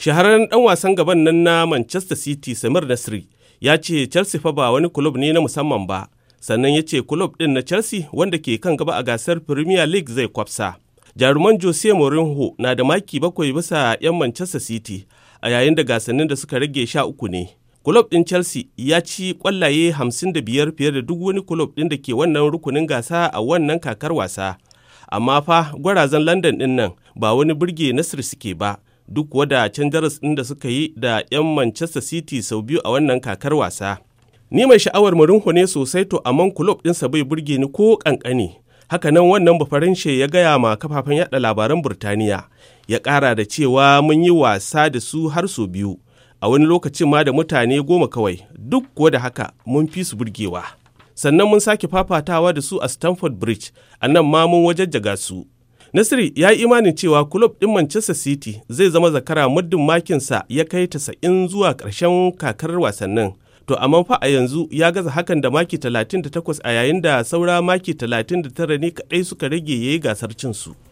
shahararren dan wasan gaban nan na manchester city samir nasri ya ce chelsea fa ba wani kulob ne na musamman ba sannan ya ce kulob din na chelsea wanda ke kan gaba a gasar premier league zai kwafsa jaruman jose mourinho na da maki bakwai bisa 'yan manchester city a yayin da gasannin da suka rage sha uku ne kulob din chelsea ya ci kwallaye 55 fiye da duk wani kulob din da ke wannan rukunin gasa a wannan kakar wasa amma fa gwarazan london din nan ba wani burge Nasri suke ba duk wada canjaras ɗin da suka yi da 'yan Manchester City sau biyu a wannan kakar wasa. Ni mai sha'awar Mourinho ne sosai to amman kulob ɗinsa bai burge ni ko Haka nan wannan bafaranshe ya gaya ma kafafen yaɗa labaran Burtaniya ya ƙara da cewa mun yi wasa da su har sau biyu. a wani lokacin ma da mutane goma kawai duk kuwa da haka mun fi su burgewa sannan mun sake fafatawa da su a stamford bridge a nan ma mun wajajjaga su Nasri ya yi imanin cewa kulob ɗin Manchester City zai zama zakara muddin makinsa ya kai tasa'in zuwa ƙarshen kakar wasannin. To amma fa a yanzu ya gaza hakan da maki 38 a yayin da saura maki 39 ne kaɗai suka rage ya yi gasar cinsu.